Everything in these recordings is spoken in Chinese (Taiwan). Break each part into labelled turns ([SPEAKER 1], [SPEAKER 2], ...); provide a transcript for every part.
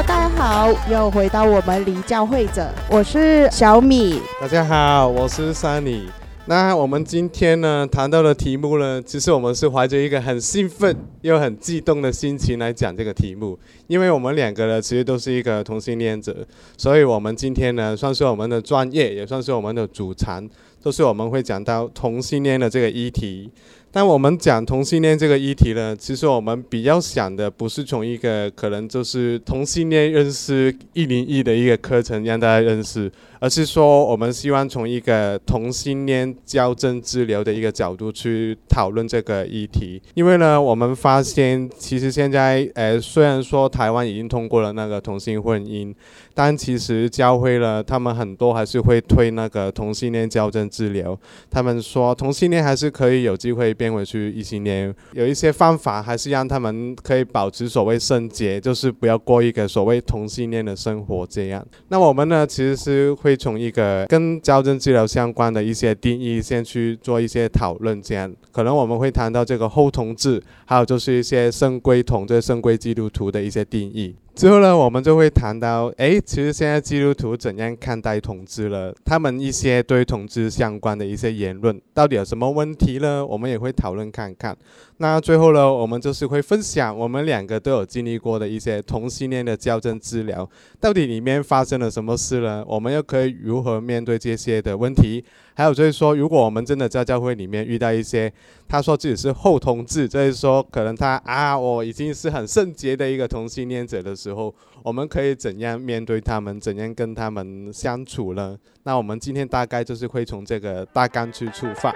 [SPEAKER 1] 大家好，又回到我們離教會者，我是小米。
[SPEAKER 2] 大家好，我是 Sunny。那我們今天呢，談到的題目呢，其實我們是懷着一個很興奮又很激動的心情來講這個題目，因為我們兩個呢，其實都是一個同性戀者，所以我們今天呢，算是我們的專業，也算是我們的主場，都是我們會講到同性戀的這個議題。但我們講同性戀這個議題呢，其實我們比較想的不是從一個可能就是同性戀認識一零一的一個課程讓大家認識，而是說我們希望從一個同性戀矯正治療的一個角度去討論這個議題。因為呢，我們發現其實現在，哎、呃，雖然說台灣已經通過了那個同性婚姻。但其實教會了他們很多，還是會推那個同性戀矯正治療。他們說同性戀還是可以有機會變回去異性戀，有一些方法還是讓他們可以保持所謂聖潔，就是不要過一個所謂同性戀的生活。這樣，那我們呢，其實是會從一個跟矯正治療相關的一些定義先去做一些討論。這樣，可能我們會談到這個後同志，還有就是一些深櫃同這深櫃同基督徒的一些定義。最後呢，我們就會談到，誒，其實現在基督徒怎樣看待同志了？他們一些對同志相關的一些言論，到底有什麼問題呢？我們也會討論看看。那最後呢，我們就是會分享我們兩個都有經歷過的一些同性戀的矯正治療，到底裡面發生了什麼事呢？我們又可以如何面對這些的問題？還有就是說，如果我們真的在教會裡面遇到一些他說自己是後同志，就是說可能他啊，我已經是很聖潔的一個同性戀者的時候，我們可以怎樣面對他們，怎樣跟他們相處呢？那我們今天大概就是會從這個大綱去出發。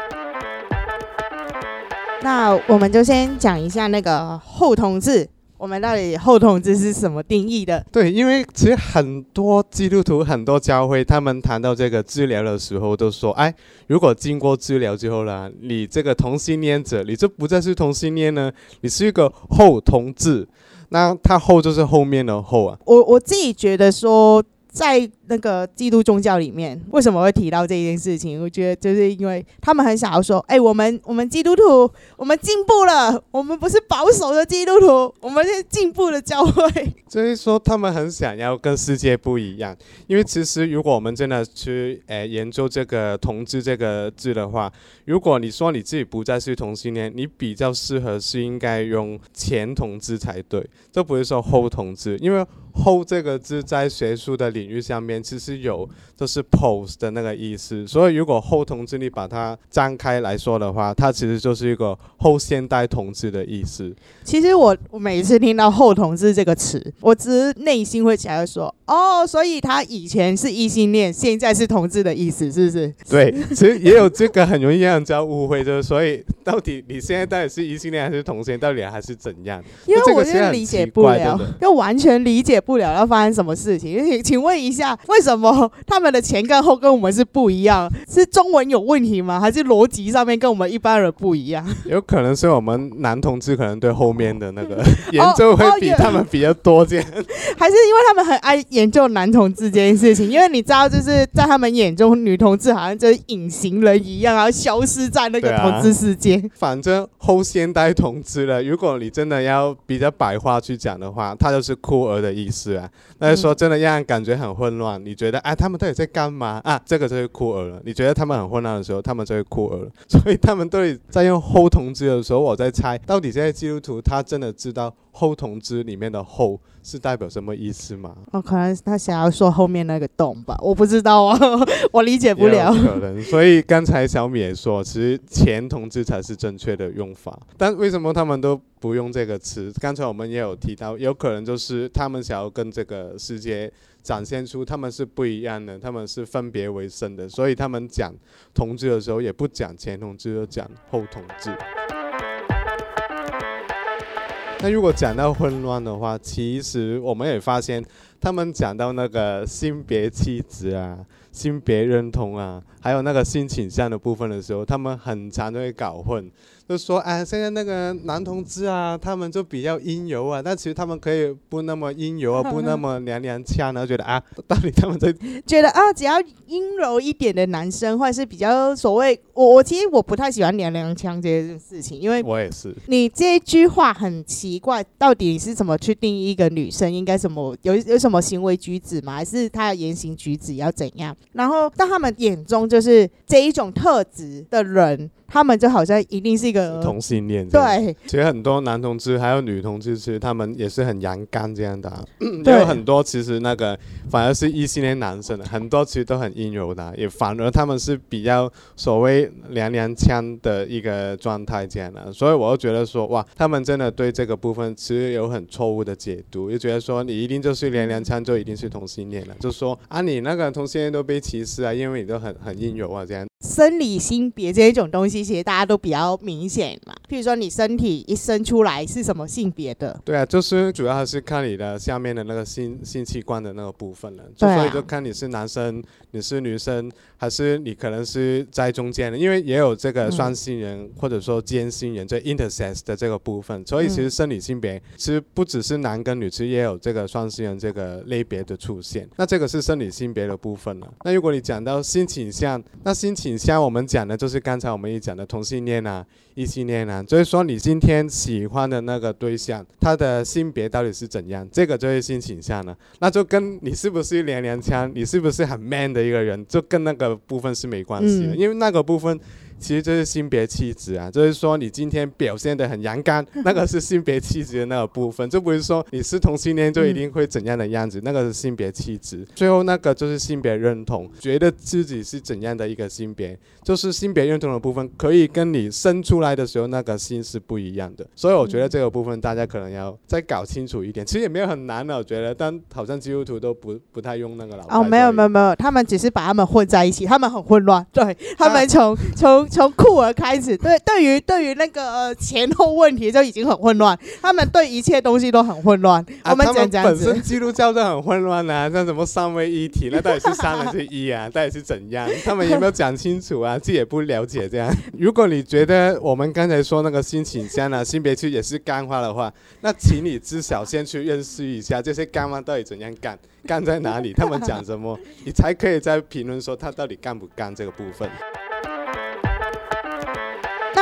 [SPEAKER 1] 那我們就先講一下那個後同志。我們到底後同志是什麼定義的？
[SPEAKER 2] 對，因為其實很多基督徒、很多教會，他們談到這個治療的時候，都說：哎，如果經過治療之後呢，你這個同性戀者，你就不再是同性戀呢？你是一個後同志。那他後就是後面的後啊。
[SPEAKER 1] 我我自己覺得說，在。那個基督宗教裡面為什麼會提到這件事情？我覺得就是因為他們很想要說：“哎、欸，我們我們基督徒，我們進步了，我們不是保守的基督徒，我們是進步的教會。”
[SPEAKER 2] 所以說他們很想要跟世界不一樣。因為其實如果我們真的去、欸、研究這個“同志”這個字的話，如果你說你自己不再是同性戀，你比較適合是應該用“前同志”才對，這不是說“後同志”，因為“後”這個字在學術的領域上面。其實有，就是 post 的那個意思，所以如果後同志，你把它張開來說的話，它其實就是一個後現代同志的意思。
[SPEAKER 1] 其實我我每次聽到後同志這個詞，我只是內心會起來說，哦，所以他以前是異性戀，現在是同志的意思，是不是？
[SPEAKER 2] 對， 其實也有這個很容易讓人家誤會，就是所以到底你現在到底是異性戀還是同性，到底還是怎樣？因為我真的理解不了對不對，
[SPEAKER 1] 又完全理解不了要發生什麼事情。請問一下。為什麼他們的前跟後跟我們是不一樣？是中文有問題嗎？還是邏輯上面跟我們一般人不一樣？
[SPEAKER 2] 有可能是我們男同志可能對後面的那個、oh, 研究會比他們比較多點、oh,，oh,
[SPEAKER 1] yeah. 還是因為他們很愛研究男同志這件事情？ 因為你知道，就是在他們眼中，女同志好像就是隱形人一樣啊，然後消失在那個同志世界。
[SPEAKER 2] 啊、反正後現代同志了，如果你真的要比較白話去講的話，他就是酷兒的意思啊。但是說真的，讓人感覺很混亂。嗯你覺得啊，他們到底在幹嘛啊？這個就是酷兒了。你覺得他們很混亂的時候，他們就會酷兒了。所以他們都在用“後同志”的時候，我在猜到底這些基督徒他真的知道“後同志”裡面的“後”是代表什麼意思嗎？
[SPEAKER 1] 哦，可能他想要說後面那個洞吧，我不知道啊、哦，我理解不了。可
[SPEAKER 2] 能。所以剛才小米也說，其實“前同志”才是正確的用法，但為什麼他們都不用這個詞？剛才我們也有提到，有可能就是他們想要跟這個世界。展現出他們是不一樣的，他們是分別為聖的，所以他們講同志的時候也不講前同志，就講後同志。 那如果講到混亂的話，其實我們也發現，他們講到那個性別氣質啊、性別認同啊，還有那個性傾向的部分的時候，他們很常都會搞混。就說啊、哎，現在那個男同志啊，他們就比較陰柔啊，但其實他們可以不那麼陰柔、啊，不那麼娘娘腔，然後覺得啊，到底他們在
[SPEAKER 1] 覺得啊，只要陰柔一點的男生，或者是比較所謂我我其實我不太喜歡娘娘腔這件事情，因為
[SPEAKER 2] 我也是。
[SPEAKER 1] 你這句話很奇怪，到底是怎麼去定義一個女生應該什麼有有什麼行為舉止嗎？還是她的言行舉止要怎樣？然後在他們眼中就是這一種特質的人。他們就好像一定是一個、呃、是同
[SPEAKER 2] 性戀，對。其實很多男同志還有女同志，其實他們也是很陽剛這樣的、啊。嗯因有很多，其實那個反而是異性戀男生，很多其實都很陰柔的、啊，也反而他們是比較所謂娘娘腔的一個狀態這樣的、啊。所以我就覺得說，哇，他們真的對這個部分其實有很錯誤的解讀，就覺得說你一定就是娘娘腔，就一定是同性戀了，就說啊，你那個同性戀都被歧視啊，因為你都很很陰柔啊這樣。
[SPEAKER 1] 生理性別這一種東西，其實大家都比較明顯嘛。譬如說，你身體一生出來是什麼性別的？
[SPEAKER 2] 對啊，就是主要還是看你的下面的那個性性器官的那個部分了。就所以就看你是男生、啊，你是女生。還是你可能是在中間的，因為也有這個雙性人、嗯、或者說間性人這 intersex 的這個部分，所以其實生理性別其實不只是男跟女，其實也有這個雙性人這個類別的出現。那這個是生理性別的部分了。那如果你講到性傾向，那性傾向我們講的就是剛才我們也講的同性戀吶、啊、異性戀吶、啊，就是說你今天喜歡的那個對象他的性別到底是怎樣，這個就是性傾向了。那就跟你是不是娘娘腔，你是不是很 man 的一個人，就跟那個。部分是沒關係的，嗯，因為那個部分。其實就是性別氣質啊，就是說你今天表現得很陽剛， 那個是性別氣質的那個部分，就不是說你是同性戀就一定會怎樣的樣子，嗯，那個是性別氣質。最後那個就是性別認同，覺得自己是怎樣的一個性別，就是性別認同的部分可以跟你生出來的時候那個性是不一樣的。所以我覺得這個部分大家可能要再搞清楚一點，其實也沒有很難的，我覺得。但好像基督徒都不不太用那個老
[SPEAKER 1] 哦，沒有沒有沒有，他們只是把他們混在一起，他們很混亂。對，他們從、啊、從。從酷兒開始，對對於對於那個、呃、前後問題就已經很混亂，他們對一切東西都很混亂、啊。我們講講，本身
[SPEAKER 2] 基督教都很混亂吶、啊，像什麼三位一體，那到底是三還是一啊？ 到底是怎樣？他們有沒有講清楚啊？ 自己也不了解這樣。如果你覺得我們剛才說那個新景象啊，性別區也是幹話的話，那請你至少先去認識一下這些幹話到底怎樣幹，幹在哪裡，他們講什麼， 你才可以在評論說他到底幹不幹這個部分。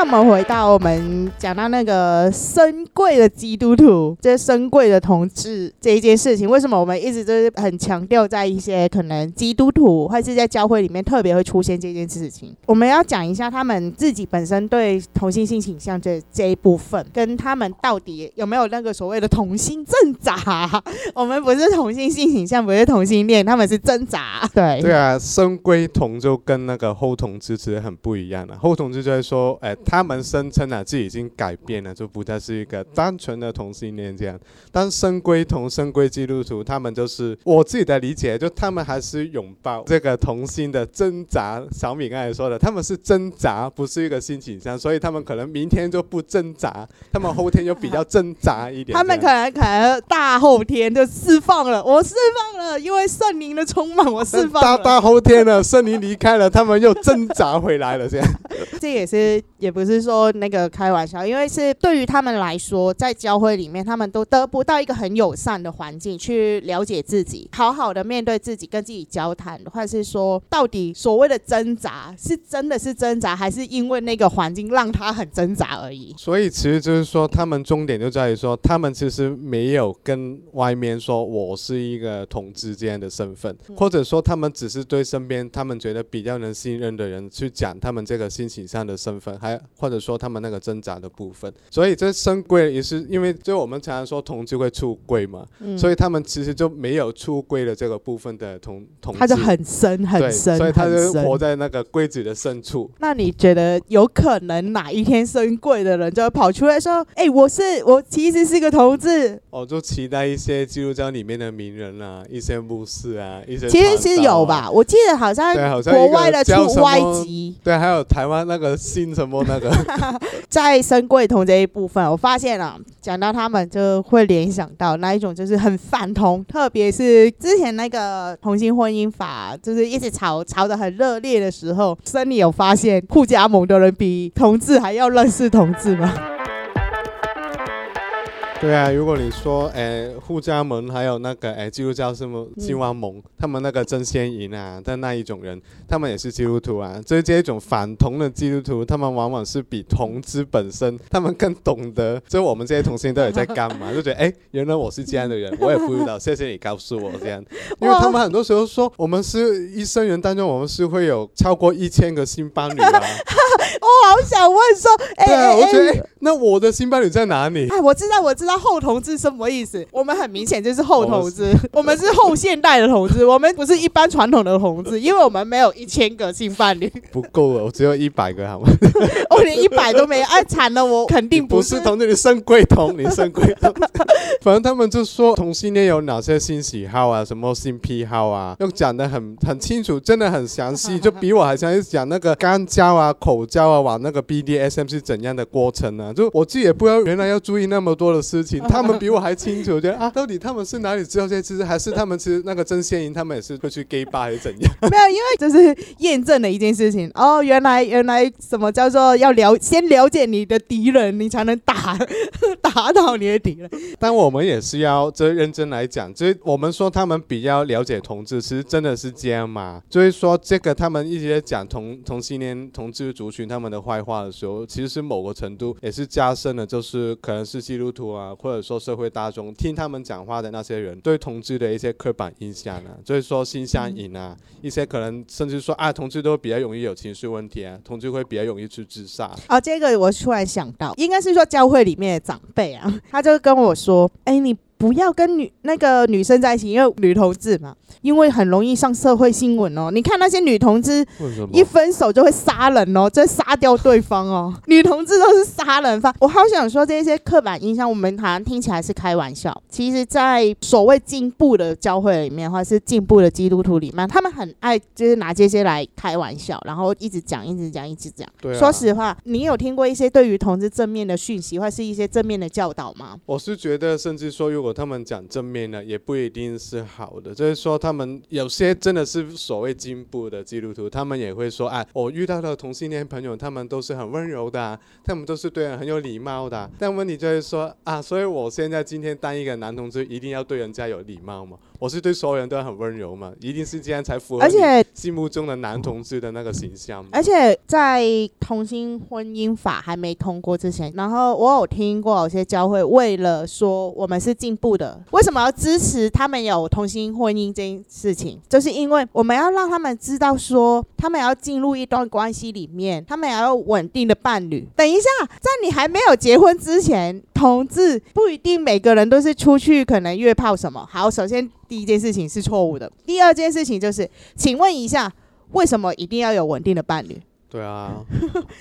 [SPEAKER 1] 那麼回到我們講到那個深櫃的基督徒，這深櫃的同志這一件事情，為什麼我們一直都是很強調在一些可能基督徒或是在教會裡面特別會出現這件事情？我們要講一下他們自己本身對同性性傾向這這一部分，跟他們到底有沒有那個所謂的同性掙扎？ 我們不是同性性傾向，不是同性戀，他們是掙扎。對對啊，
[SPEAKER 2] 深櫃同就跟那個後同志其實很不一樣的、啊、後同志就是說，哎、欸。他們聲稱啊，自己已經改變了，就不再是一個單純的同性戀這樣。當深櫃同、深櫃基督徒，他們就是我自己的理解，就他們還是擁抱這個同性的掙扎。小米剛才說的，他們是掙扎，不是一個新景象，所以他們可能明天就不掙扎，他們後天就比較掙扎一點、啊。他們可
[SPEAKER 1] 能可能大後天就釋放了，我釋放了，因為聖靈的充滿，我釋放、啊。大大
[SPEAKER 2] 後天了，聖 靈離開了，他們又掙扎回來了，這樣。
[SPEAKER 1] 這也是也不。不是說那個開玩笑，因為是對於他們來說，在教會裡面，他們都得不到一個很友善的環境去了解自己，好好的面對自己，跟自己交談。或者是說，到底所謂的掙扎是真的是掙扎，還是因為那個環境讓他很掙扎而已？
[SPEAKER 2] 所以，其實就是說，他們重點就在於說，他們其實沒有跟外面說我是一個同志這樣的身份，嗯、或者說，他們只是對身邊他們覺得比較能信任的人去講他們這個性取向的身份，還。或者說他們那個掙扎的部分，所以這深櫃也是因為就我們常常說同志會出櫃嘛、嗯，所以他們其實就沒有出櫃的這個部分的同同志，他就很深很深，所以他就活在那個櫃子的深處。
[SPEAKER 1] 那你覺得有可能哪一天深櫃的人就跑出來說，哎，我是我其實是個同志。
[SPEAKER 2] 哦，就期待一些基督教裡面的名人啊，一些牧師啊，一些、啊、其實是有吧，我記得好像，好像國外的出外籍，對，還有台灣那個新什麼的。
[SPEAKER 1] 在深櫃同這一部分，我發現了，啊，講到他們就會聯想到那一種就是很反同，特別是之前那個同性婚姻法，就是一直吵吵得很熱烈的時候，辛尼你有發現護家盟的人比同志還要認識同志嗎？
[SPEAKER 2] 對啊，如果你說，哎，護家盟還有那個，哎，基督教什麼金王盟，嗯，他們那個真先營啊，的那一種人，他們也是基督徒啊，所以這一種反同的基督徒，他們往往是比同志本身，他們更懂得，就以我們這些同性戀到底在幹嘛，就覺得，哎，原來我是這樣的人，嗯、我也不知道， 謝謝你告訴我這樣，因為他們很多時候說，我們是一生人當中，我們是會有超過一千個新伴侶哈，
[SPEAKER 1] 我好想問說，哎、欸、哎、啊欸欸，
[SPEAKER 2] 那我的新伴侶在哪裡？哎、啊，
[SPEAKER 1] 我知道，我知道。那後同志什麼意思？我們很明顯就是後同志，我，是 我們是後現代的同志， 我們不是一般傳統的同志，因為我們沒有一千個性伴侶，
[SPEAKER 2] 不夠了，我只有一百個，好嗎？
[SPEAKER 1] 我、 oh, 連一百都沒，有，哎 慘、啊、了，我肯定不是，你不是
[SPEAKER 2] 同志，你深櫃同，你深櫃同。 反正他們就說同性戀有哪些性喜好啊，什麼性癖好啊，又講得很很清楚，真的很詳細， 就比我還想講那個肛交啊、口交啊，玩那個 BDSM 是怎樣的過程呢、啊？就我自己也不知道，原來要注意那麼多的事。 他們比我還清楚，我覺得啊，到底他們是哪裡知道這些知識，其實還是他們是那個真鮮銀？他們也是會去 gay 吧還是怎樣？
[SPEAKER 1] 沒有，因為這是驗證了一件事情哦，原來原來什麼叫做要了先了解你的敵人，你才能打
[SPEAKER 2] 打倒你的敵人。但我們也是要這認真來講，這、就是、我們說他們比較了解同志，其實真的是這樣嘛？就是說，這個他們一直在講同同性戀同志族群他們的壞話的時候，其實是某個程度也是加深了，就是可能是基督徒啊。或者說社會大眾聽他們講話的那些人，對同志的一些刻板印象啊，就是說心相引啊、嗯，一些可能甚至說啊，同志都比較容易有情緒問題啊，同志會比較容易去自殺。
[SPEAKER 1] 啊、哦，這個我突然想到，應該是說教會裡面的長輩啊，他就跟我說，哎， 你。不要跟女那個女生在一起，因為女同志嘛，因為很容易上社會新聞哦。你看那些女同志，為什麼一分手就會殺人哦？就殺掉對方哦， 女同志都是殺人犯。我好想說這些刻板印象，我們好像聽起來是開玩笑，其實，在所謂進步的教會裡面，或是進步的基督徒裡面，他們很愛就是拿這些來開玩笑，然後一直講，一直講，一直講。直講。對啊，說實話，你有聽過一些對於同志正面的訊息，或是一些正面的教導嗎？
[SPEAKER 2] 我是覺得，甚至說如果。他們講正面的也不一定是好的，就是說他們有些真的是所謂進步的基督徒，他們也會說啊、哎，我遇到的同性戀朋友，他們都是很溫柔的、啊，他們都是對人很有禮貌的、啊。但問題就是說啊，所以我現在今天當一個男同志，一定要對人家有禮貌嘛。我是對所有人都很溫柔嘛，一定是這樣才符合心目中的男同志的那個形象。而
[SPEAKER 1] 且在同性婚姻法還沒通過之前，然後我有聽過有些教會為了說我們是進不的，為什麼要支持他們有同性婚姻這件事情？就是因為我們要讓他們知道，說他們要進入一段關係裡面，他們要有穩定的伴侶。等一下，在你還沒有結婚之前，同志不一定每個人都是出去可能約炮什麼。好，首先第一件事情是錯誤的，第二件事情就是，請問一下，為什麼一定要有穩定的伴侶？
[SPEAKER 2] 對啊，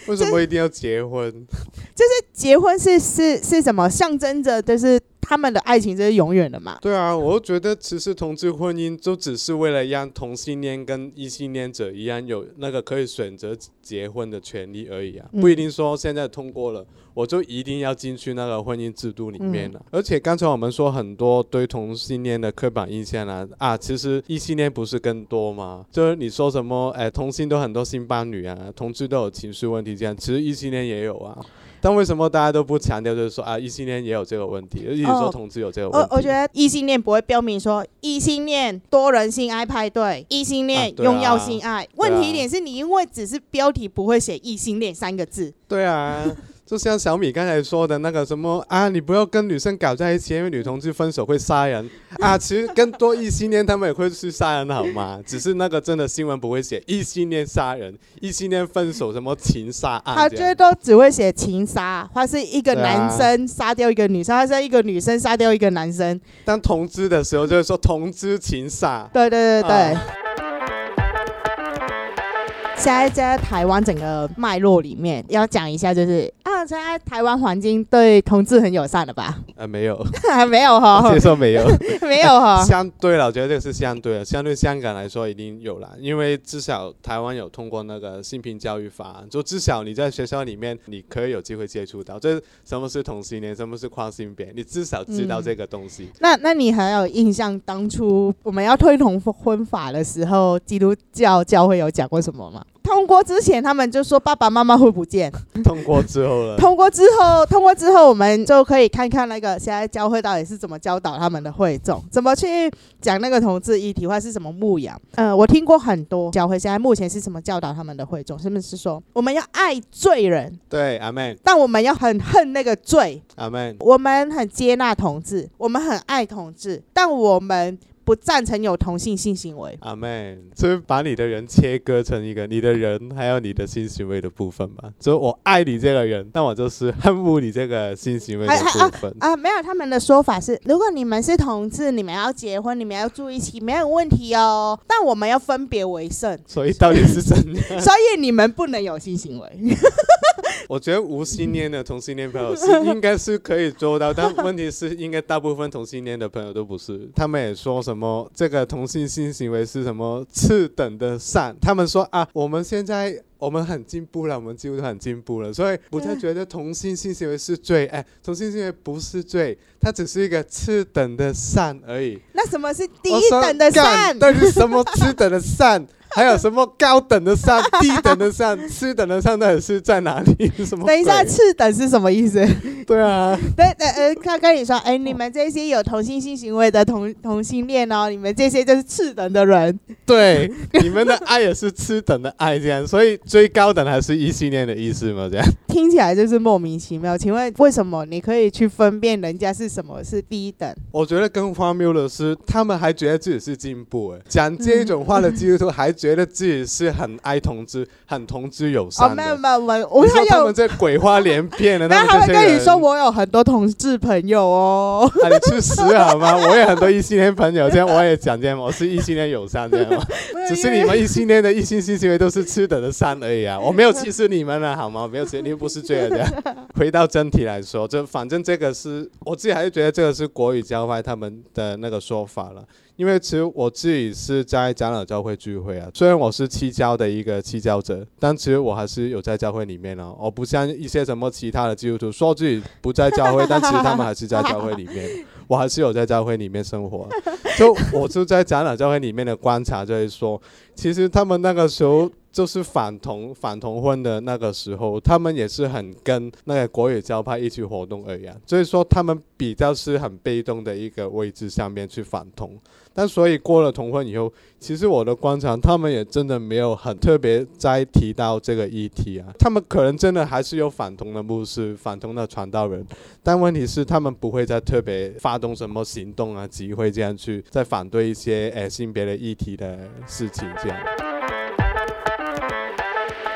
[SPEAKER 2] 為什麼一定要結婚？
[SPEAKER 1] 就是、就是結婚是是是什麼象徵着？就是他們的愛情，這是永遠的嘛？
[SPEAKER 2] 對啊，我覺得其實同志婚姻就只是為了讓同性戀跟異性戀者一樣有那個可以選擇結婚的權利而已啊，嗯，不一定說現在通過了我就一定要進去那個婚姻制度裡面了。嗯，而且剛才我們說很多對同性戀的刻板印象啊，啊，其實異性戀不是更多嗎？就是你說什麼哎，同性都很多性伴侶啊，同志都有情緒問題這樣，其實異性戀也有啊。但為什麼大家都不強調？就是說啊，異性戀也有這個問題，或者說同志有這個問題。哦、我我
[SPEAKER 1] 覺得異性戀不會標明說異性戀、多人性愛派對、異性戀用藥性愛、啊啊。問題點是你因為只是標題不會寫異性戀三個字。
[SPEAKER 2] 對啊。 就像小米剛才說的那個什麼啊，你不要跟女生搞在一起，因為女同志分手會殺人啊！其實更多異性戀他們也會去殺人，好嗎？只是那個真的新聞不會寫異性戀殺人、異性戀分手什麼情殺啊？他最多
[SPEAKER 1] 只會寫情殺，他是一個男生殺掉一個女生，他是一個女生殺掉一個男生。
[SPEAKER 2] 當同志的時候，就是說同志情殺。對對對對、啊。
[SPEAKER 1] 現在在台灣整個脈絡裡面要講一下就是。看、啊、在台灣環境對同志很友善了吧？
[SPEAKER 2] 呃，沒有， 沒有哈。我說沒有， 沒有哈、呃。相對了，我覺得這個是相對的。相對香港來說已經有了，因為至少台灣有通過那個性平教育法，就至少你在學校裡面你可以有機會接觸到，這是什麼是同性戀，什麼是跨性別，你至少知道這個東西。嗯、
[SPEAKER 1] 那那你還有印象當初我們要推同婚法的時候，基督教教、教會有講過什麼嗎？通過之前，他們就說爸爸媽媽會不見。 通
[SPEAKER 2] 過之後，通
[SPEAKER 1] 過之後，通過之後，我們就可以看看那個現在教會到底是怎麼教導他們的會眾，怎麼去講那個同志議題或是什麼牧養。嗯、呃，我聽過很多教會現在目前是怎麼教導他們的會眾，是不是說我們要愛罪人，
[SPEAKER 2] 對，阿們。
[SPEAKER 1] 但我們要很恨那個罪，
[SPEAKER 2] 阿們，
[SPEAKER 1] 我們很接納同志，我們很愛同志，但我們。不贊成有同性性行為。
[SPEAKER 2] Amen，所以把你的人切割成一個你的人，還有你的性行為的部分嘛。所以我愛你這個人，但我就是恨慕你這個性行為的部分啊啊
[SPEAKER 1] 啊。啊，沒有，他們的說法是，如果你們是同志，你們要結婚，你們要住一起，沒有問題哦。但我們要分別為聖，
[SPEAKER 2] 所以到底是怎樣， 所
[SPEAKER 1] 以你們不能有性行為。
[SPEAKER 2] 我覺得無性戀的同性戀朋友是應該是可以做到，但問題是，應該大部分同性戀的朋友都不是。 他們也說什麼這個同性性行為是什麼次等的善？他們說啊，我們現在我們很進步了，我們幾乎都很進步了，所以不再覺得同性性行為是罪。哎，同性性行為不是罪，它只是一個次等的善而已。那
[SPEAKER 1] 什麼是第一等的善？但
[SPEAKER 2] 是什麼次等的善？還有什麼高等的上、 低等的上、 次等的上，到底是在哪裡？等一下，次
[SPEAKER 1] 等是什麼意思？ 對啊。對對，呃，他跟你說，哎，你們這些有同性性行為的同同性戀哦，你們這些就是次等的人。
[SPEAKER 2] 對， 你們的愛也是次等的愛，這樣。所以最高等還是異性戀的意思嗎？這樣。
[SPEAKER 1] 聽起來就是莫名其妙。請問為什麼你可以去分辨人家是什麼是低等？
[SPEAKER 2] 我覺得更荒謬的是，他們還覺得自己是進步誒。講這一種話的基督徒還、嗯。還覺得自己是很愛同志、很同志友善的。
[SPEAKER 1] 哦、oh,，沒有他們
[SPEAKER 2] 這鬼話連篇的。那有，我跟你說，
[SPEAKER 1] 我有很多同志朋友哦。 啊、你吃屎好
[SPEAKER 2] 嗎？ 我有很多異性戀朋友，這樣我也講這樣，我是異性戀友善這樣。嗎？ 只是你們異性戀的異性性行為都是吃等的善而已啊！ 我沒有歧視你們了好嗎？我沒有歧視，你 又不是罪人這樣的。 回到正題來說，就反正這個是我自己還是覺得這個是國語教派他們的那個說法了。因為其實我自己是在長老教會聚會啊，雖然我是棄教的一個棄教者，但其實我還是有在教會裡面呢、啊。我不像一些什麼其他的基督徒說自己不在教會，但其實他們還是在教會裡面，我還是有在教會裡面生活、啊。就我是在長老教會裡面的觀察就會說，其實他們那個時候。就是反同反同婚的那個時候，他們也是很跟那個國語教派一起活動而已，所以說他們比較是很被動的一個位置上面去反同。但所以過了同婚以後，其實我的觀察，他們也真的沒有很特別再提到這個議題啊。他們可能真的還是有反同的牧師、反同的傳道人，但問題是他們不會再特別發動什麼行動啊、集會這樣去再反對一些誒、呃、性別的議題的事情這樣。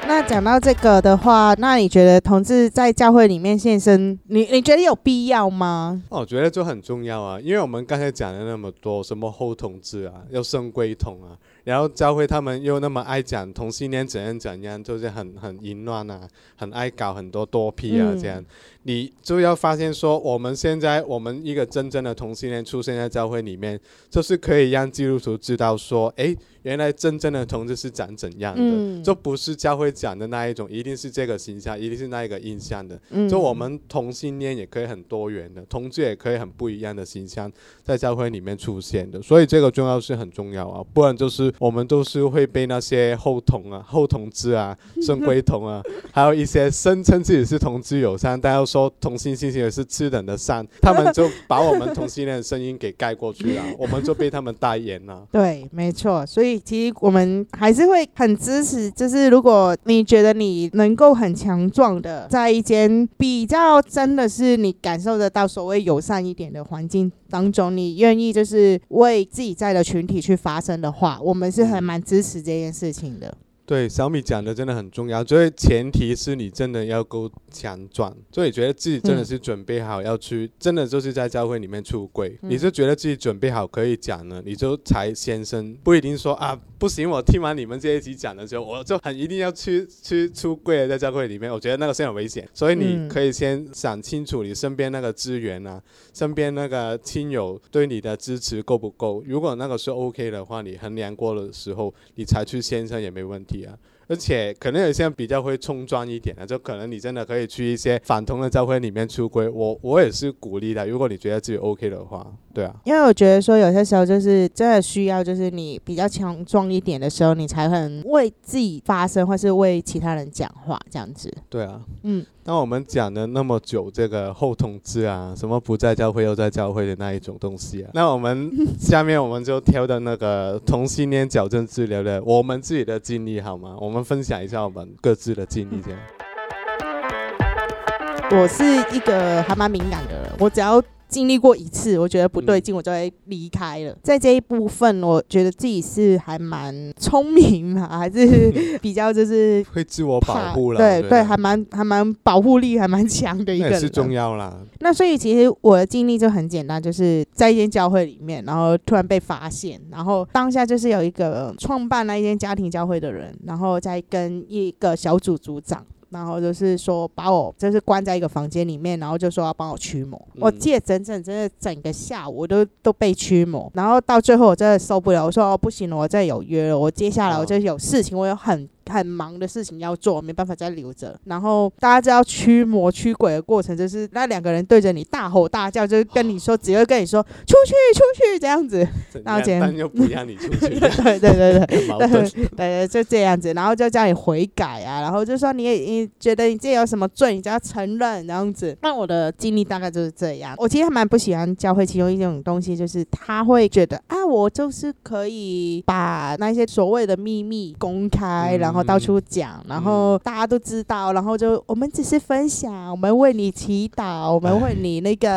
[SPEAKER 1] 那講到這個的話，那你覺得同志在教會裡面現身，你你覺得你有必要嗎？
[SPEAKER 2] 哦，我覺得就很重要啊，因為我們剛才講了那麽多，什麽後同志啊，又深櫃同啊，然後教會他們又那麽愛講同性戀怎樣怎樣，就是很很淫亂啊，很愛搞很多多 P 啊、嗯、這樣，你就要發現說，我們現在我們一個真正的同性戀出現在教會裡面，就是可以讓基督徒知道說，哎。原來真正的同志是長怎樣的、嗯，就不是教會講的那一種，一定是這個形象，一定是那一個印象的。嗯、就我們同性戀也可以很多元的，同志也可以很不一樣的形象在教會裡面出現的。所以這個重要是很重要啊，不然就是我們都是會被那些後同啊、後同志啊、深櫃同啊，還有一些聲稱自己是同志友善，但又說同性性行為也是次等的善，他們就把我們同性戀的聲音給蓋過去了、啊， 我們就被他們代言了、
[SPEAKER 1] 啊。對，沒錯，所以。其實我們還是會很支持，就是如果你覺得你能夠很強壯的，在一間比較真的是你感受得到所謂友善一點的環境當中，你願意就是為自己在的群體去發聲的話，我們是還蠻支持這件事情的。
[SPEAKER 2] 對，小米講的真的很重要，所以前提是你真的要夠強壯，所以覺得自己真的是準備好要去，嗯、真的就是在教會裡面出櫃，嗯、你就覺得自己準備好可以講了，你就才先生不一定說啊，不行，我聽完你們這一集講的時候，我就很一定要去去出櫃在教會裡面，我覺得那個是很危險，所以你可以先想清楚你身邊那個資源啊，身邊那個親友對你的支持夠不夠，如果那個是 OK 的話，你衡量過的時候，你才去先生也沒問題。啊！而且可能有些人比較會衝撞一點的，啊，就可能你真的可以去一些反同的教會裡面出櫃，我我也是鼓勵的，如果你覺得自己 OK 的話，對啊。
[SPEAKER 1] 因為我覺得說有些時候就是真的需要，就是你比較強壯一點的時候，你才很為自己發聲，或是為其他人講話這樣子。
[SPEAKER 2] 對啊，嗯。那我們講了那麼久這個後同志啊，什麼不在教會又在教會的那一種東西啊，那我們下面我們就挑的那個同性戀矯正治療的我們自己的經歷好嗎？我們分享一下我們各自的經歷這樣
[SPEAKER 1] 我是一個還蠻敏感的人，我只要。經歷過一次，我覺得不對勁，嗯，我就會離開了。在這一部分，我覺得自己是還蠻聰明嘛，還是比較就是
[SPEAKER 2] 會自我保護啦。對對，啦對，還
[SPEAKER 1] 蠻還蠻保護力還蠻強的一個人。也是重要啦。那所以其實我的經歷就很簡單，就是在一間教會裡面，然後突然被發現，然後當下就是有一個創辦了一間家庭教會的人，然後再跟一個小組組長。然後就是說把我就是關在一個房間裡面，然後就說要幫我驅魔、嗯。我記得，整整真的整個下午，我都都被驅魔。然後到最後我真的受不了，我說哦不行了，我這有約了，我接下來我就有事情，我有很。很忙的事情要做，沒辦法再留着。然後大家知道驅魔驅鬼的過程，就是那兩個人對着你大吼大叫，就是跟你說，只、哦、會跟你說出去，出去這樣子。樣然後錢、嗯、
[SPEAKER 2] 又不讓你出去。 對對對
[SPEAKER 1] 對 對、對、對就這樣子，然後就叫你悔改啊，然後就說你也你覺得你自己有什麼罪，你就要承認這樣子。那我的經歷大概就是這樣。我其實還蠻不喜歡教會其中一種東西，就是他會覺得啊，我就是可以把那些所謂的秘密公開，然、嗯、後。然後到處講、嗯，然後大家都知道，嗯、然後就我們只是分享，我們為你祈禱，我們為你那個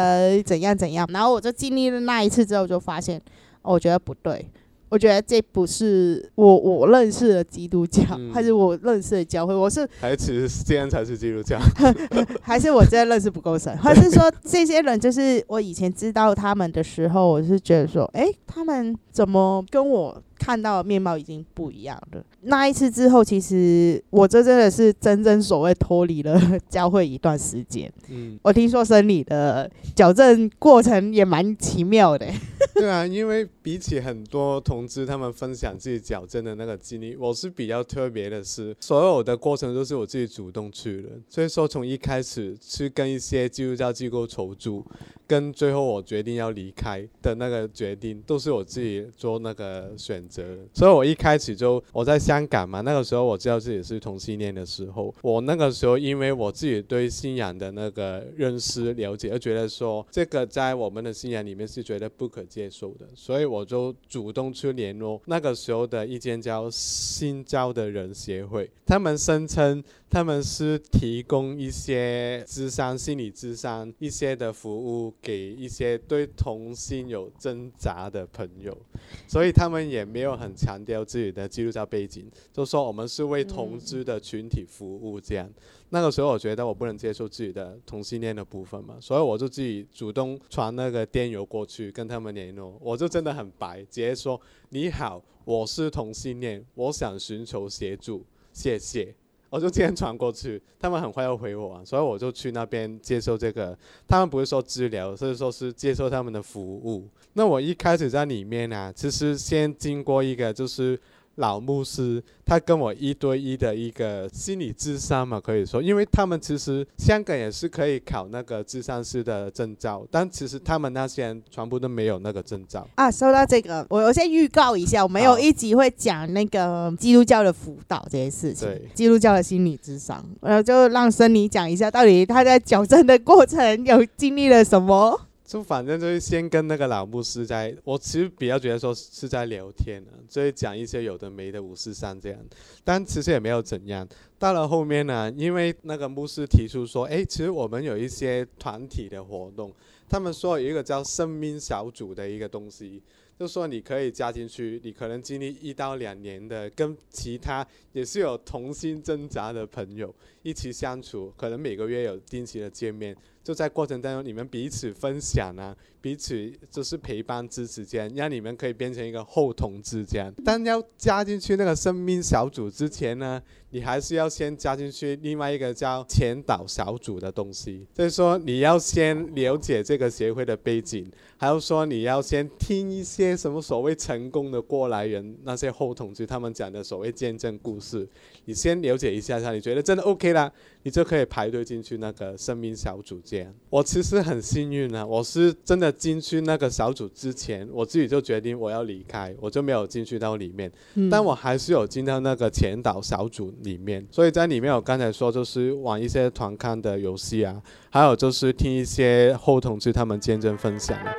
[SPEAKER 1] 怎樣怎樣、哎。然後我就經歷了那一次之後，就發現，我覺得不對，我覺得這不是我我認識的基督教、嗯，還是我認識的教會，我是
[SPEAKER 2] 還是這樣才是基督教， 還是我真的認識不夠深，還
[SPEAKER 1] 是說這些人就是我以前知道他們的時候，我是覺得說，哎，他們怎麼跟我？看到面貌已經不一樣了。那一次之後，其實我這真的是真正所謂脫離了教會一段時間。嗯，我聽說生理的矯正過程也蠻奇妙的。
[SPEAKER 2] 對啊，因為比起很多同志他們分享自己矯正的那個經歷，我是比較特別的是，所有的過程都是我自己主動去的。所以說，從一開始去跟一些基督教機構求助。跟最後我決定要離開的那個決定，都是我自己做那個選擇。所以，我一開始就我在香港嘛，那個時候我知道自己是同性戀的時候，我那個時候因為我自己對信仰的那個認識了解，而覺得說這個在我們的信仰裡面是覺得不可接受的，所以我就主動去聯絡那個時候的一間叫新造的人協會，他們聲稱他們是提供一些諮商、心理諮商一些的服務。給一些對同性有掙扎的朋友，所以他們也沒有很強調自己的基督教背景，就說我們是為同志的群體服務這樣、嗯。那個時候我覺得我不能接受自己的同性戀的部分嘛，所以我就自己主動傳那個電郵過去跟他們聯絡，我就真的很白，直接說你好，我是同性戀，我想尋求協助，謝謝。我就這樣傳過去，他們很快要回我，所以我就去那邊接受這個。他們不是說治療，是說是接受他們的服務。那我一開始在裡面啊，其實先經過一個就是。老牧師，他跟我一對一的一個心理諮詢嘛，可以說，因為他們其實香港也是可以考那個諮詢師的證照，但其實他們那些人全部都沒有那個證照
[SPEAKER 1] 啊。說到這個，我我先預告一下，我們有一集會講那個基督教的輔導
[SPEAKER 2] 這些事情、
[SPEAKER 1] 哦對，基督教的心理諮詢，我就讓辛尼講一下到底他在矯正的過程有經歷了什麼。
[SPEAKER 2] 就反正就是先跟那個老牧師在，我其實比較覺得說是在聊天呢，所以講一些有的沒的、五四三這樣，但其實也沒有怎樣。到了後面呢、啊，因為那個牧師提出說，誒、哎，其實我們有一些團體的活動，他們說有一個叫生命小組的一個東西，就說你可以加進去，你可能經歷一到兩年的跟其他也是有同性掙扎的朋友一起相處，可能每個月有定期的見面。就在過程當中，你們彼此分享啊，彼此就是陪伴、支持這樣，讓你們可以變成一個後同志這樣。但要加進去那個生命小組之前呢，你還是要先加進去另外一個叫前導小組的東西。所以說，你要先了解這個協會的背景，還有說你要先聽一些什麼所謂成功的過來人那些後同志他們講的所謂見證故事。你先了解一下下，你覺得真的 OK 啦。你就可以排隊進去那個生命小組間。我其實很幸運啊，我是真的進去那個小組之前，我自己就決定我要離開，我就沒有進去到裡面。嗯、但我還是有進到那個前導小組裡面，所以在裡面我剛才說就是玩一些團康的遊戲啊，還有就是聽一些後同志他們見證分享、啊。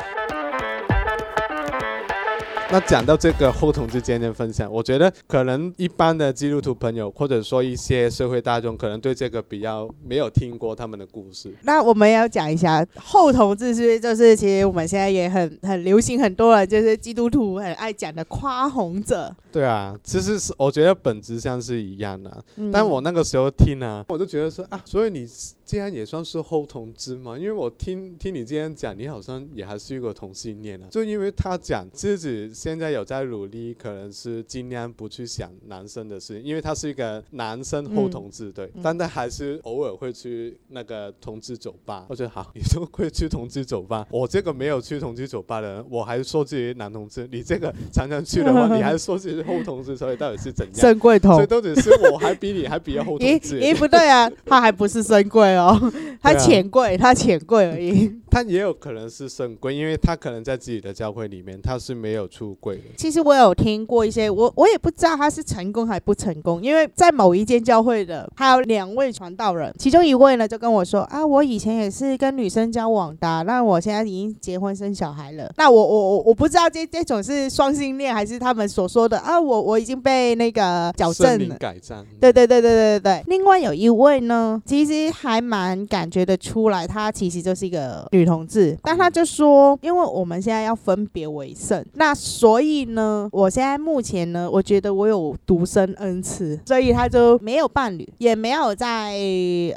[SPEAKER 2] 那講到這個後同志間的分享，我覺得可能一般的基督徒朋友，或者說一些社會大眾，可能對這個比較沒有聽過他們的故事。
[SPEAKER 1] 那我們要講一下後同志，是不是就是其實我們現在也很很流行，很多的就是基督徒很愛講的跨虹者。
[SPEAKER 2] 對啊，其實是我覺得本質上是一樣的。啊嗯，但我那個時候聽啊，我就覺得說啊，所以你既然也算是後同志嘛，因為我聽聽你這樣講，你好像也還是一個同性戀啊。就因為他講自己現在有在努力，可能是盡量不去想男生的事，因為他是一個男生後同志，嗯、對，嗯、但他還是偶爾會去那個同志酒吧。我覺得好，你都會去同志酒吧，我這個沒有去同志酒吧的人，我還是說自己男同志，你這個常常去的話，你還說自己呵呵。後同志，所以到底是怎樣？深櫃同，所以都只是我，還比你還比較
[SPEAKER 1] 後同志。 咦咦，不對啊，他還不是深櫃哦，他淺櫃，啊、他淺櫃而已
[SPEAKER 2] 他也有可能是深櫃，因為他可能在自己的教會裡面，他是沒有出櫃的。
[SPEAKER 1] 其實我有聽過一些，我我也不知道他是成功還不成功，因為在某一間教會的，他有兩位傳道人，其中一位呢就跟我說啊，我以前也是跟女生交往的，那我現在已經結婚生小孩了，那我我我我不知道這這種是雙性戀還是他們所說的啊。我我已經被那個矯正了，對對對對對對對。另外有一位呢，其實還蠻感覺得出來，他其實就是一個女同志，但他就說，因為我們現在要分別為聖，那所以呢，我現在目前呢，我覺得我有獨身恩賜，所以他就沒有伴侶，也沒有在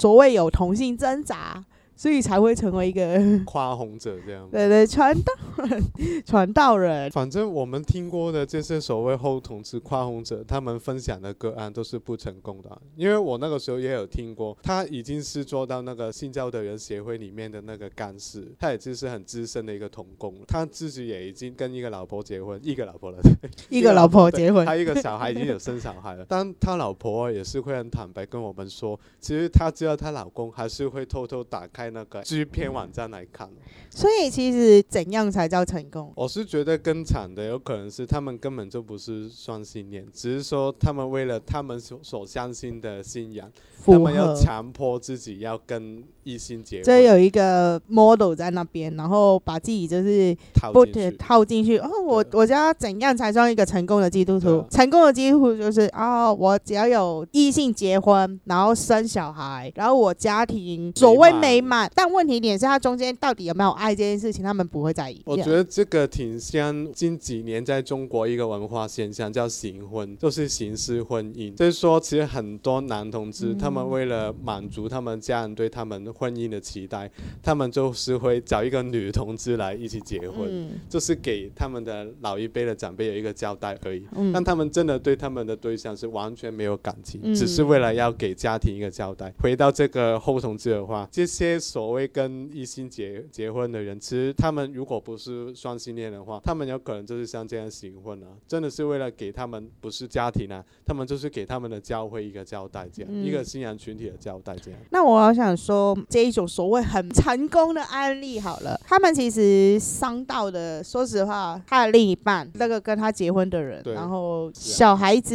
[SPEAKER 1] 所謂有同性掙扎。所以才會成為一個
[SPEAKER 2] 跨虹者這樣，對
[SPEAKER 1] 對，傳道人，
[SPEAKER 2] 傳道人。反正我們聽過的這些所謂後同志跨虹者，他們分享的個案都是不成功的。因為我那個時候也有聽過，他已經是做到那個新造的人協會裡面的那個幹事，他也就是很資深的一個同工，他自己也已經跟一個老婆結婚，一個老婆了， 一個老婆結婚，他一個小孩已經有生小孩了。 但他老婆也是會很坦白跟我們說，其實他知道他老公還是會偷偷打開。那個紀片網站來看、嗯，
[SPEAKER 1] 所以其實怎樣才叫成功？
[SPEAKER 2] 我是覺得更慘的有可能是他們根本就不是雙性戀，只是說他們為了他們所,所相信的信仰，他們要強迫自己要跟異性結婚。這有一個
[SPEAKER 1] model 在那邊，然後把自己就是 boot, 套套進去。哦，我我家怎樣才算一個成功的基督徒？成功的基督徒就是哦，我只要有異性結婚，然後生小孩，然後我家庭所謂美滿。但問題點是他中間到底有沒有愛這件事情，他們不會在意。我覺
[SPEAKER 2] 得這個挺像近幾年在中國一個文化現象叫“形婚”，就是形式婚姻。就是說，其實很多男同志他們為了滿足他們家人對他們婚姻的期待，他們就是會找一個女同志來一起結婚，就是給他們的老一輩的長輩有一個交代而已。但他們真的對他們的對象是完全沒有感情，只是為了要給家庭一個交代。回到這個後同志的話，這些。所謂跟異性結結婚的人，其實他們如果不是雙性戀的話，他們有可能就是像這樣行婚啊，真的是為了給他們不是家庭啊，他們就是給他們的教會一個交代，這、嗯、樣一個信仰群體的交代，這樣。
[SPEAKER 1] 那我好想說，這一種所謂很成功的案例，好了，他們其實傷到的，說實話，他的另一半，那個跟他結婚的人，然後小孩子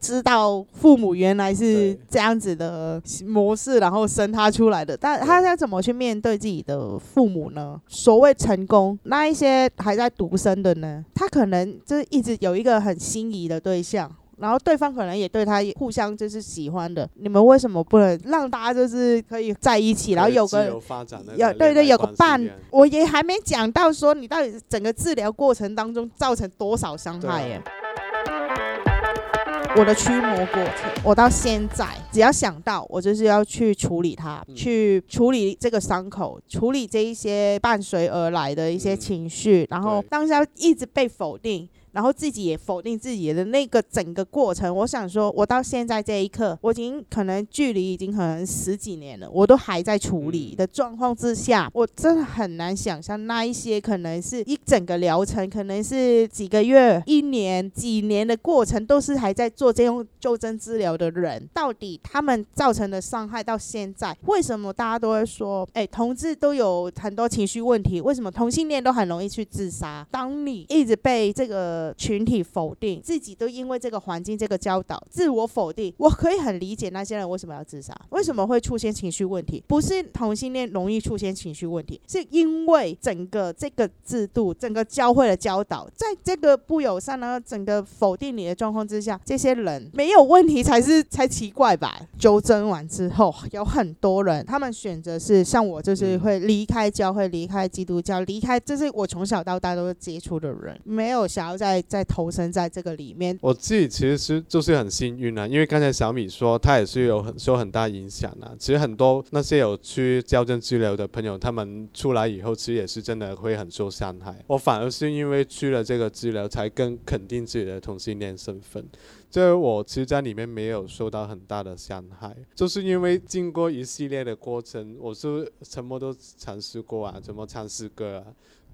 [SPEAKER 1] 知道父母原來是這樣子的模式，然後生他出來的，但他那種。怎麼去面對自己的父母呢？所謂成功，那一些還在獨身的呢，他可能就是一直有一個很心儀的對象，然後對方可能也對他互相就是喜歡的。你們為什麼不能讓大家就是可以在一起，然後有個發
[SPEAKER 2] 展？有，對對，有個伴。
[SPEAKER 1] 我也還沒講到說你到底整個治療過程當中造成多少傷害耶。我的驅魔過程，我到現在只要想到，我就是要去處理它，嗯、去處理這個傷口，處理這一些伴隨而來的一些情緒、嗯，然後當時一直被否定。然後自己也否定自己的那個整個過程，我想說，我到現在這一刻，我已經可能距離已經可能十幾年了，我都還在處理的狀況之下，我真的很難想象那一些可能是一整個療程，可能是幾個月、一年、幾年的過程，都是還在做這種矯正治療的人，到底他們造成的傷害到現在，為什麼大家都會說，哎，同志都有很多情緒問題，為什麼同性戀都很容易去自殺？當你一直被這個。群體否定自己，都因為這個環境、這個教導，自我否定。我可以很理解那些人為什麼要自殺，為什麼會出現情緒問題。不是同性戀容易出現情緒問題，是因為整個這個制度、整個教會的教導，在這個不友善的、然後整個否定你的狀況之下，這些人沒有問題才是才奇怪吧？糾正完之後，有很多人，他們選擇是像我，就是會離開教會、離開基督教、離開，這是我從小到大都是接觸的人，沒有想要在。在投身在這個裡面，
[SPEAKER 2] 我自己其實就是很幸運啊，因為剛才小米說他也是有很受很大影響啊。其實很多那些有去矯正治療的朋友，他們出來以後其實也是真的會很受傷害。我反而是因為去了這個治療，才更肯定自己的同性戀身份。就我其實在裡面沒有受到很大的傷害，就是因為經過一系列的過程，我是什麼都嘗試過啊，怎麼唱詩歌啊，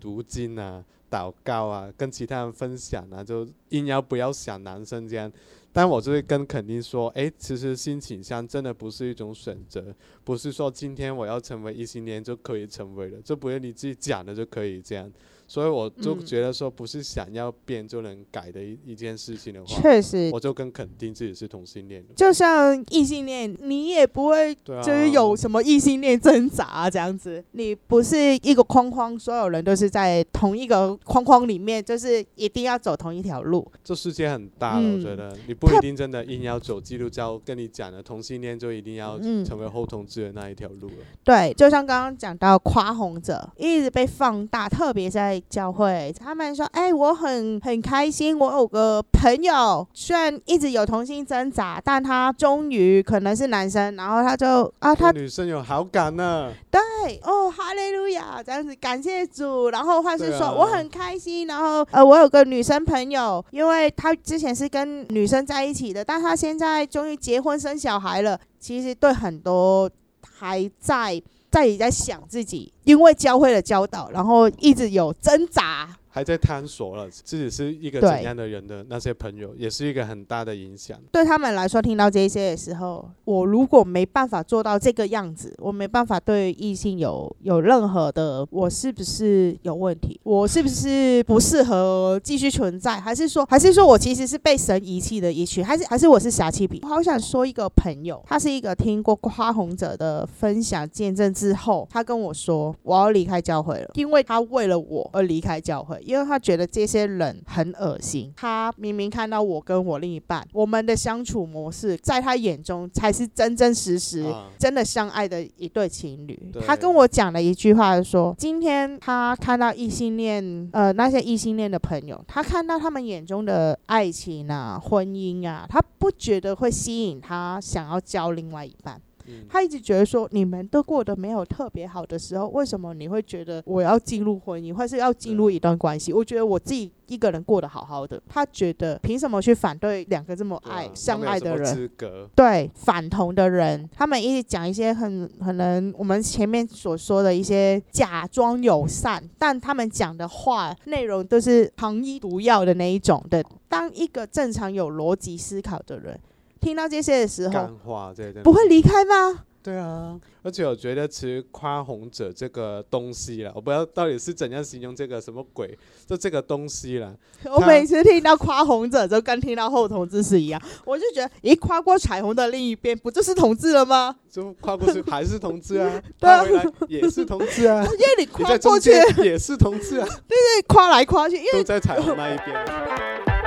[SPEAKER 2] 讀經啊。禱告啊，跟其他人分享啊，就硬要不要想男生這樣，但我就會更肯定說，哎，其實性傾向真的不是一種選擇，不是說今天我要成為異性戀就可以成為了，就不用你自己講的就可以這樣。所以我就覺得說，不是想要變就能改的一一件事情的話，嗯、確實，我就更肯定自己是同性戀。就
[SPEAKER 1] 像異性戀，你也不會、啊、就是有什麼異性戀掙扎這樣子，你不是一個框框，所有人都是在同一個框框裡面，就是一定要走同一條路。
[SPEAKER 2] 這世界很大了，嗯，我覺得你不一定真的硬要走基督教跟你講的同性戀就一定要成為後同志的那一條路了，
[SPEAKER 1] 嗯。對，就像剛剛講到跨虹者一直被放大，特別在。教會他們說：“哎，我很很開心，我有個朋友，雖然一直有同性掙扎，但他終於可能是男生，然後他
[SPEAKER 2] 就啊，他女生有好感呢、啊。
[SPEAKER 1] 對，哦，哈利路亞，這樣子感謝主。然後話是說、啊、我很開心，然後呃，我有個女生朋友，因為她之前是跟女生在一起的，但她現在終於結婚生小孩了。其實對很多還在。”在也在想自己，因為教會的教導，然後一直有掙扎。
[SPEAKER 2] 還在探索了自己是一個怎樣的人的那些朋友，也是一個很大的影響。
[SPEAKER 1] 對他們來說，聽到這些的時候，我如果沒辦法做到這個樣子，我沒辦法對異性有有任何的，我是不是有問題？我是不是不適合繼續存在？還是說，還是說我其實是被神遺棄的一群？還是還是我是瑕疵品？我好想說一個朋友，他是一個聽過跨虹者的分享見證之後，他跟我說，我要離開教會了，因為他為了我而離開教會。因為他覺得這些人很噁心，他明明看到我跟我另一半，我們的相處模式，在他眼中才是真真實實、真的相愛的一對情侶。他跟我講了一句話，說今天他看到異性戀，呃，那些異性戀的朋友，他看到他們眼中的愛情啊、婚姻啊，他不覺得會吸引他想要交另外一半。嗯、他一直覺得說你們都過得沒有特別好的時候，為什麼你會覺得我要進入婚姻，或是要進入一段關係？我覺得我自己一個人過得好好的。他覺得憑什麼去反對兩個這麼愛、啊、相愛的人？資格。對反同的人，他們一直講一些很可能我們前面所說的一些假裝友善，但他們講的話內容都是糖衣毒藥的那一種的。當一個正常有邏輯思考的人。聽到這些的時候，幹
[SPEAKER 2] 話。對對對，不會離
[SPEAKER 1] 開嗎？對
[SPEAKER 2] 啊，而且我覺得其實跨虹者這個東西啊，我不知道到底是怎樣形容這個什麼鬼，就這個東西了。我每次
[SPEAKER 1] 聽到跨虹者，就 跟聽到後同志是一樣，我就覺得一跨過彩虹的另一邊，不就是同志了嗎？就
[SPEAKER 2] 跨過去還是同志啊？對啊，也是同志啊。
[SPEAKER 1] 因為你跨過去也，也
[SPEAKER 2] 是同志啊。 對，對對，跨來跨去，因為，都在彩虹那一邊。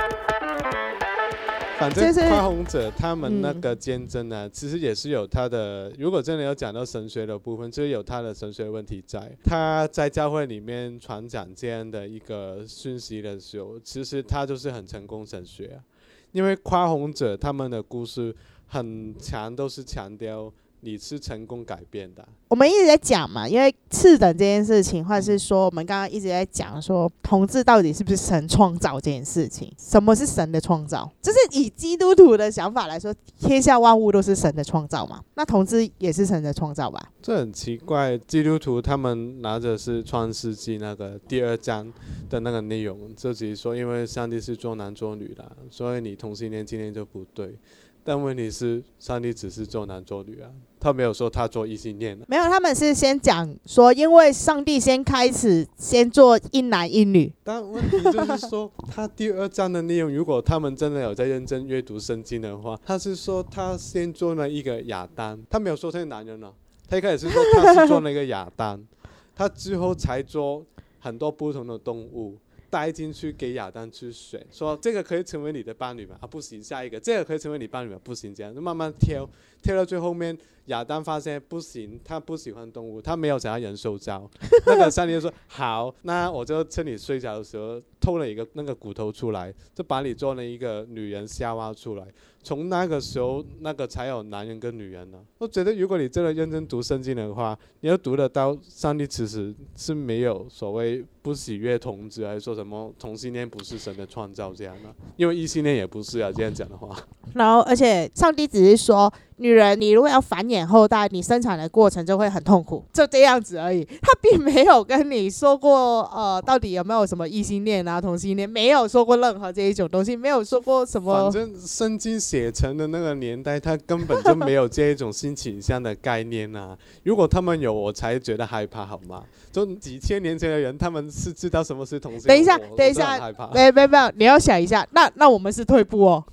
[SPEAKER 2] 反正跨虹者他們那個見證呢，其實也是有他的。如果真的要講到神學的部分，就是有他的神學問題在。他在教會裡面傳講這樣的一個訊息的時候，其實他就是很成功神學啊，因為跨虹者他們的故事很強，都是強調。你是成功改變的。
[SPEAKER 1] 我們一直在講嘛，因為次等這件事情，或者是說，我們剛剛一直在講說，同志到底是不是神創造這件事情？什麼是神的創造？就是以基督徒的想法來說，天下萬物都是神的創造嘛，那同志也是神的創造吧？
[SPEAKER 2] 這很奇怪，基督徒他們拿着是《創世紀》那個第二章的那個內容，自己說，因為上帝是做男做女的，所以你同性戀今天就不對。但問題是，上帝只是做男做女啊，他沒有說他做異性戀的啊。
[SPEAKER 1] 沒有，他們是先講說，因為上帝先開始先做一男一女。
[SPEAKER 2] 但問題就是說，他第二章的內容， 如果他們真的有在認真閱讀聖經的話，他是說他先做了一個亞當。他沒有說他是男人啊，他一開始是說他是做了一個亞當， 他之後才做很多不同的動物。塞進去給亞當去選，說這個可以成為你的伴侶嗎？啊，不行，下一個，這個可以成為你的伴侶嗎？不行，這樣就慢慢挑。貼到最後面，亞當發現不行，他不喜歡動物，他沒有想要人獸交。 那個上帝就說：“好，那我就趁你睡着的時候偷了一個那個骨頭出來，就把你做了一個女人瞎挖出來。從那個時候，那個才有男人跟女人呢、啊。”我覺得，如果你真的認真讀聖經的話，你要讀得到，上帝其實是沒有所謂不喜悅同志，還是說什麼同性戀不是神的創造這樣的、啊，因為異性戀也不是啊。這樣講的話。
[SPEAKER 1] 然後，而且上帝只是說。女人，你如果要繁衍後代，你生產的過程就會很痛苦，就這樣子而已。他並沒有跟你說過， 呃，到底有沒有什麼異性戀啊、同性戀，沒有說過任何這一種東西，沒有說過什
[SPEAKER 2] 麼。反正聖經寫成的那個年代，他根本就沒有這一種性傾向的概念啊。 如果他們有，我才覺得害怕，好嗎？就幾千年前的人，他們是知道什麼是同性戀。等一下，等一下，沒沒
[SPEAKER 1] 沒有，你要想一下，那那我們是退步哦。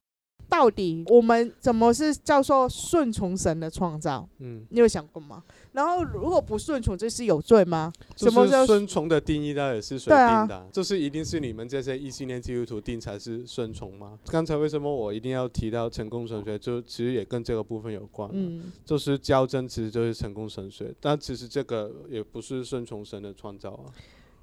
[SPEAKER 1] 到底我們怎麼是叫做順從神的創造？嗯，你有想過嗎？然後如果不順從，這是有罪嗎？什麼叫順
[SPEAKER 2] 從的定義？到底是誰定的，啊啊？就是一定是你們這些異性戀基督徒定才是順從嗎？剛才為什麼我一定要提到成功神學？就其實也跟這個部分有關。嗯，就是教真，其實就是成功神學，但其實這個也不是順從神的創造啊。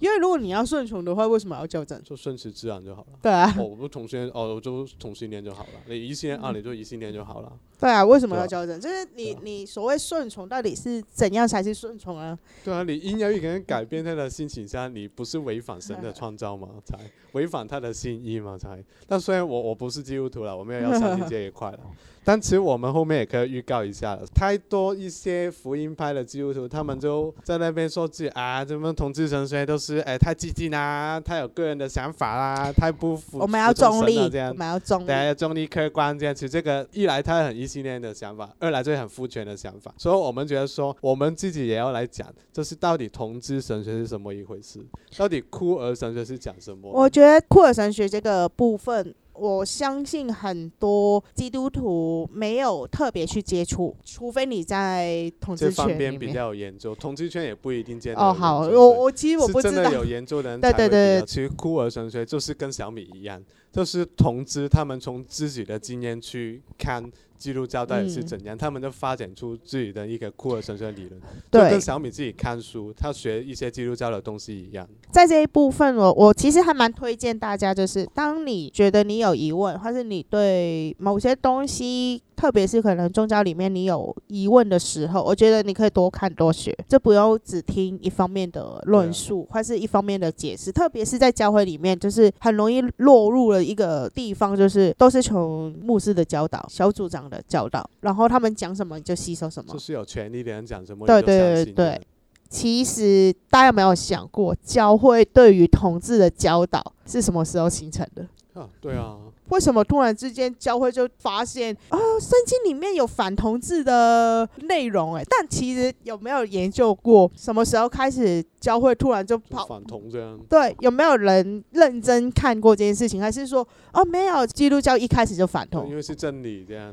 [SPEAKER 2] 因為如果你要順從的話，為什麼要矯正？就順其自然就好了。對啊，我不同性戀哦，我就同性戀就好了。你異性戀啊、嗯，你就異性戀就好了。對啊，為什麼要矯
[SPEAKER 1] 正、啊？就是你、啊、你所謂順從，到底是怎樣才是順從啊？
[SPEAKER 2] 對啊，你硬要一個人改變他的心情下，下 你不是違反神的創造嗎？才違反他的心意嘛？才。但雖然我我不是基督徒了，我沒有要講這一塊了。 但其實我們後面也可以預告一下，太多一些福音派的基督徒，他們就在那邊說自己啊，這些同志神學都是哎太激進啊，太有個人的想法啦、啊，太不服、 啊。我們要中立這樣，我們要中，大家要中立客觀這樣。其實這個一來他很信念的想法，二來就是很膚淺的想法，所以我們覺得說，我們自己也要來講，這、就是到底同志神學是什麼一回事，到底酷兒神學是講什麼？我覺
[SPEAKER 1] 得酷兒神學這個部分，我相信很多基督徒沒有特別去接觸，除非你在同志圈裡面，這方面比
[SPEAKER 2] 較有研究，同志圈也不一定見到哦。好，我我其實我不知道真的有研究的人，對，對對對，其實酷兒神學就是跟小米一樣。就是同志他們從自己的經驗去看基督教到底是怎樣，嗯，他們就發展出自己的一個酷兒神學理論，嗯，就跟小米自己看書，他學一些基督教的東西一樣。
[SPEAKER 1] 在這一部分我，我我其實還蠻推薦大家，就是當你覺得你有疑問，或是你對某些東西，特別是可能宗教裡面你有疑問的時候，我覺得你可以多看多學，就不用只聽一方面的論述，啊，或是一方面的解釋，特別是在教會裡面，就是很容易落入了。一個地方，就是都是從牧師的教導、小組長的教導，然後他們講什麼你就吸收
[SPEAKER 2] 什麼。就是有權利的人講什麼，對對對對，對，對。
[SPEAKER 1] 其實大家有沒有想過，教會對於同志的教導是什麼時候形成的？
[SPEAKER 2] 哦，對啊。嗯
[SPEAKER 1] 為什麼突然之間教會就發現啊、哦，聖經裡面有反同志的內容哎，但其實有沒有研究過什麼時候開始教會突然就跑就反同這樣？對，有沒有人認真看過這件事情？還是說哦，沒有，基督教一開
[SPEAKER 2] 始就反同？因為是真理這樣。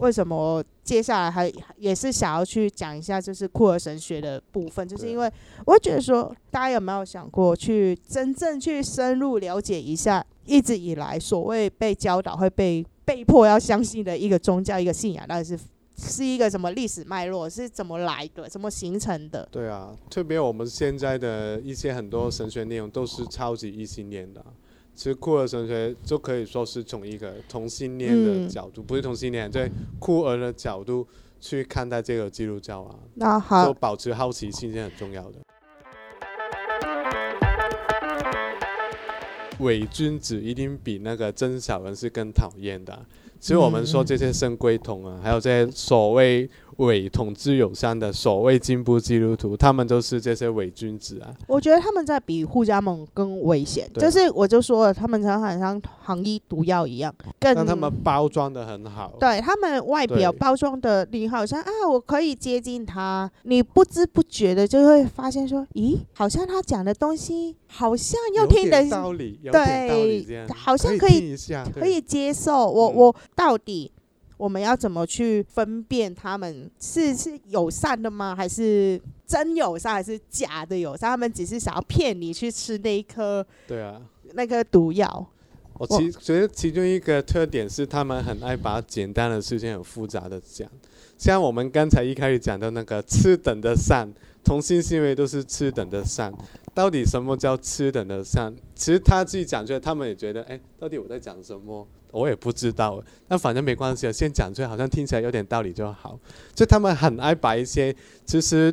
[SPEAKER 1] 為什麼接下來還也是想要去講一下，就是酷兒神學的部分，就是因為我覺得說，大家有沒有想過去真正去深入了解一下，一直以來所謂被教導會被被迫要相信的一個宗教、一個信仰，到底是是一個什麼歷史脈絡，是怎麼來的，怎麼形成的？
[SPEAKER 2] 對啊，特別我們現在的一些很多神學內容都是超級異性戀的。其實酷兒神學就可以說是從一個同性戀的角度，嗯、不是同性戀，在、嗯、酷兒的角度去看待這個基督教啊。那好，保持好奇心是很重要的、
[SPEAKER 1] 哦。
[SPEAKER 2] 偽君子一定比那個真小人是更討厭的、啊。其實我們說這些深櫃同啊、嗯，還有這些所謂偽同志友善的所謂進步基督徒，他們都是這些偽君子啊。
[SPEAKER 1] 我覺得他們在比護家盟更
[SPEAKER 2] 危險，就是
[SPEAKER 1] 我就說了，他們常常很像行醫毒藥一樣，讓他
[SPEAKER 2] 們包裝得很好。對，
[SPEAKER 1] 他們外表包裝的，你好像啊，我可以接近他，你不知不覺的就會發現說，咦，好像他講的東西好像有點道理，對，有點道理，好像可以可以，可以接受。我、嗯、我。到底我們要怎麼去分辨他們是是友善的嗎？還是真友善還是假的友善？他們只是想要騙你去吃那一顆對啊，那顆毒藥。我其實
[SPEAKER 2] 覺得其中一個特點是他們很愛把簡單的事情很複雜的講。像我們剛才一開始講到那個“吃等的善”，同性行為都是“吃等的善”。到底什麼叫“吃等的善”？其實他自己講出來，他們也覺得，哎，到底我在講什麼？我也不知道，但反正沒關係啊。先講出來，好像聽起來有點道理就好。就他們很愛把一些其實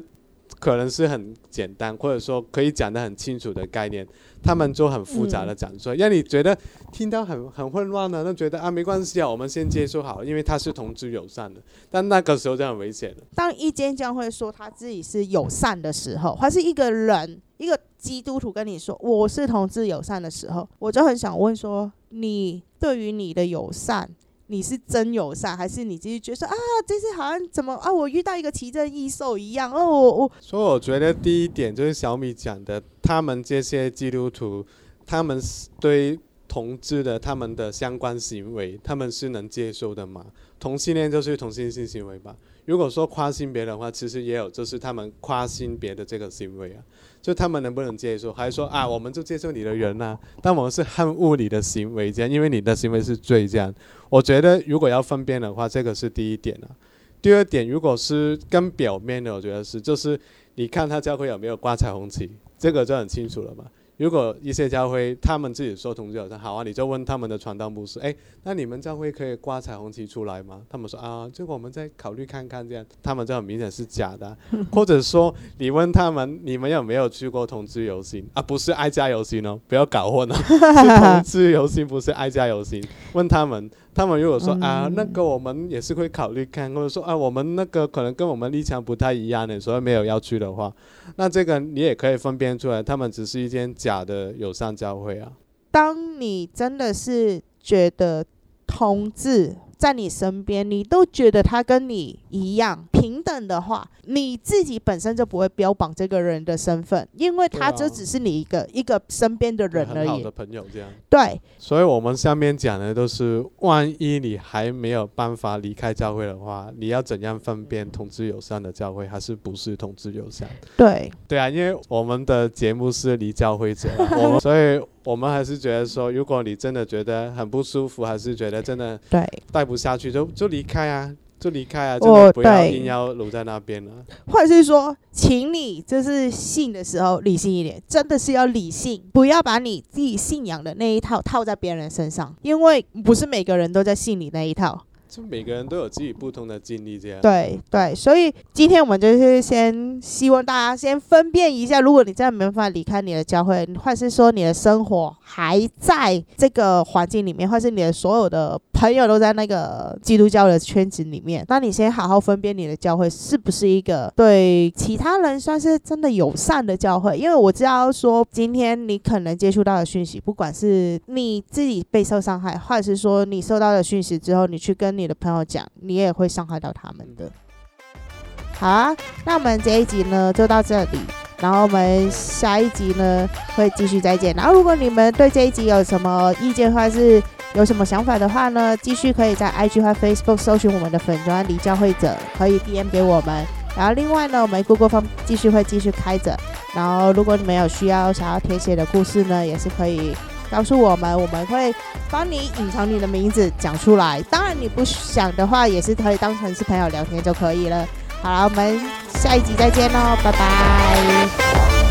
[SPEAKER 2] 可能是很簡單，或者說可以講得很清楚的概念，他們就很複雜的講出來，讓、嗯、你覺得聽到很很混亂的，那覺得啊沒關係啊，我們先接受好了，因為他是同志友善的。但那個時候就很危險的。
[SPEAKER 1] 當一間教會說他自己是友善的時候，他是一個人。一個基督徒跟你說我是同志友善的時候，我就很想問說：你對於你的友善，你是真友善，還是你自己覺得啊，這是好像怎麼啊？我遇到一個奇珍異獸一樣哦。我、哦、
[SPEAKER 2] 所以我覺得第一點就是小米講的，他們這些基督徒，他們對同志的他們的相關行為，他們是能接受的嗎？同性戀就是同性性行為吧？如果說跨性別的話，其實也有就是他們跨性別的這個行為啊。就他們能不能接受，還是說啊，我們就接受你的人吶、啊？但我們是恨惡你的行為這樣，因為你的行為是罪這樣。我覺得如果要分辨的話，這個是第一點啊。第二點，如果是跟表面的，我覺得是就是你看他教會有沒有掛彩虹旗，這個就很清楚了嘛。如果一些教會他們自己說同志遊行好啊，你就問他們的傳道牧師，哎，那你們教會可以掛彩虹旗出來嗎？他們說啊，就我們再考慮看看這樣，他們就很明顯是假的。 或者說你問他們，你們有沒有去過同志遊行啊？不是愛家遊行哦，不要搞混了， 是同志遊行，不是愛家遊行，問他們。他們如果說、嗯、啊，那個我們也是會考慮看，或者說啊，我們那個可能跟我們立場不太一樣的，所以沒有要去的話，那這個你也可以分辨出來，他們只是一間假的友善教會啊。
[SPEAKER 1] 當你真的是覺得同志在你身邊，你都覺得他跟你一樣平等的話，你自己本身就不會標榜這個人的身份，因為他就只是你一個、啊、一個身邊的人而已。很好的朋友這樣。對。
[SPEAKER 2] 所以，我們下面講的都是，萬一你還沒有辦法離開教會的話，你要怎樣分辨同志友善的教會還是不是同志友善？對。對啊，因為我們的節目是離教會者， 我們所以我們還是覺得說，如果你真的覺得很不舒服，還是覺得真的對待不下去，就就離開啊。就離開啊！就、oh, 真的不要硬要留在那邊了、啊。
[SPEAKER 1] 或者是說，請你就是信的時候理性一點，真的是要理性，不要把你自己信仰的那一套套在別人身上，因為不是每個人都在信你那一套。
[SPEAKER 2] 就每個人都有自己不同的經歷，這樣對對，
[SPEAKER 1] 所以今天我們就是先希望大家先分辨一下，如果你真的沒辦法離開你的教會，或者是說你的生活還在這個環境裡面，或是你的所有的朋友都在那個基督教的圈子裡面，那你先好好分辨你的教會是不是一個對其他人算是真的友善的教會。因為我知道說今天你可能接觸到的訊息，不管是你自己備受傷害，或者是說你受到的訊息之後，你去跟。你的朋友講，你也會傷害到他們的。好啊，那我們這一集呢就到這裡，然後我們下一集呢會繼續再見。然後如果你們對這一集有什麼意見的話，是有什麼想法的話呢，繼續可以在 IG 或 Facebook 搜尋我們的粉專離教會者，可以 DM 給我們。然後另外呢，我們 Google form 繼續會繼續開着。然後如果你們有需要想要填寫的故事呢，也是可以。告訴我們，我們會幫你隱藏你的名字講出來。當然，你不想的話，也是可以當成是朋友聊天就可以了。好了，我們下一集再見嘍，拜拜。